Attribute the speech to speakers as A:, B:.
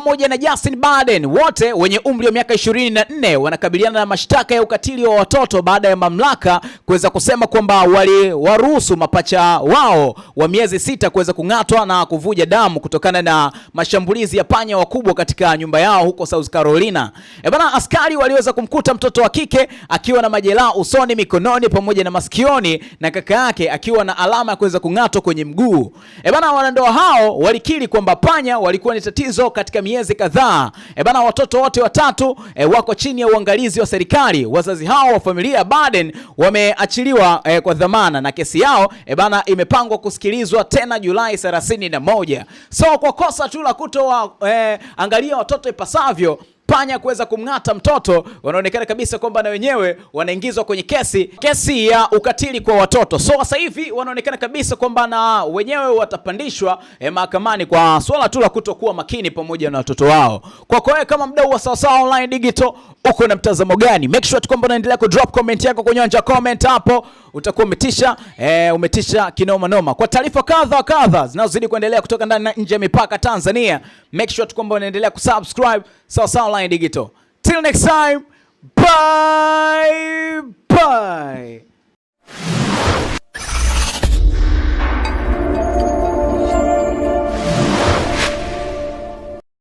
A: pamoja na Justin Baden wote wenye umri wa miaka 24 wanakabiliana na mashtaka ya ukatili wa watoto baada ya mamlaka kuweza kusema kwamba waliwaruhusu mapacha wao wa miezi sita kuweza kung'atwa na kuvuja damu kutokana na mashambulizi ya panya wakubwa katika nyumba yao huko South Carolina. E bana, askari waliweza kumkuta mtoto wa kike akiwa na majeraha usoni, mikononi pamoja na masikioni na kaka yake akiwa na alama ya kuweza kung'atwa kwenye mguu. E bana, wanandoa hao walikiri kwamba panya walikuwa ni tatizo katika miezi kadhaa. E bana, watoto wote watatu e, wako chini ya uangalizi wa serikali. Wazazi hao wa familia Baden wameachiliwa e, kwa dhamana na kesi yao e bana imepangwa kusikilizwa tena Julai 31. So kwa kosa tu la kutoa e, angalia watoto ipasavyo panya kuweza kumng'ata mtoto, wanaonekana kabisa kwamba na wenyewe wanaingizwa kwenye kesi kesi ya ukatili kwa watoto. So sasa hivi wanaonekana kabisa kwamba na wenyewe watapandishwa eh, mahakamani kwa swala tu la kutokuwa makini pamoja na watoto wao. Kwako wewe kama mdau wa Sawasawa Online Digital uko na mtazamo gani? Make sure tu kwamba unaendelea ku drop comment yako kwenye anja comment hapo, utakuwa umetisha eh, umetisha kinoma noma. Kwa taarifa kadha kadha zinazozidi kuendelea kutoka ndani na nje ya mipaka Tanzania, make sure tu kwamba unaendelea kusubscribe sawa Online Digital. Till next time, bye.